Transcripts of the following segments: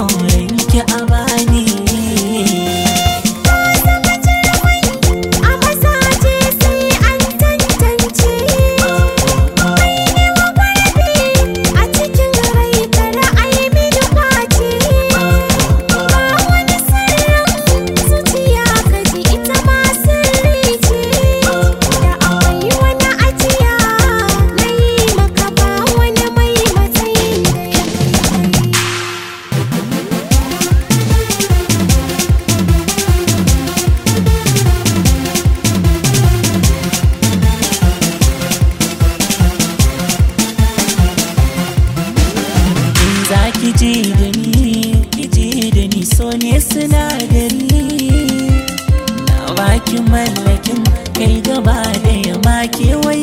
away, look at so ne dalli na baki mallakin kai gaba da yamma kewaye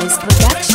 Noise Production.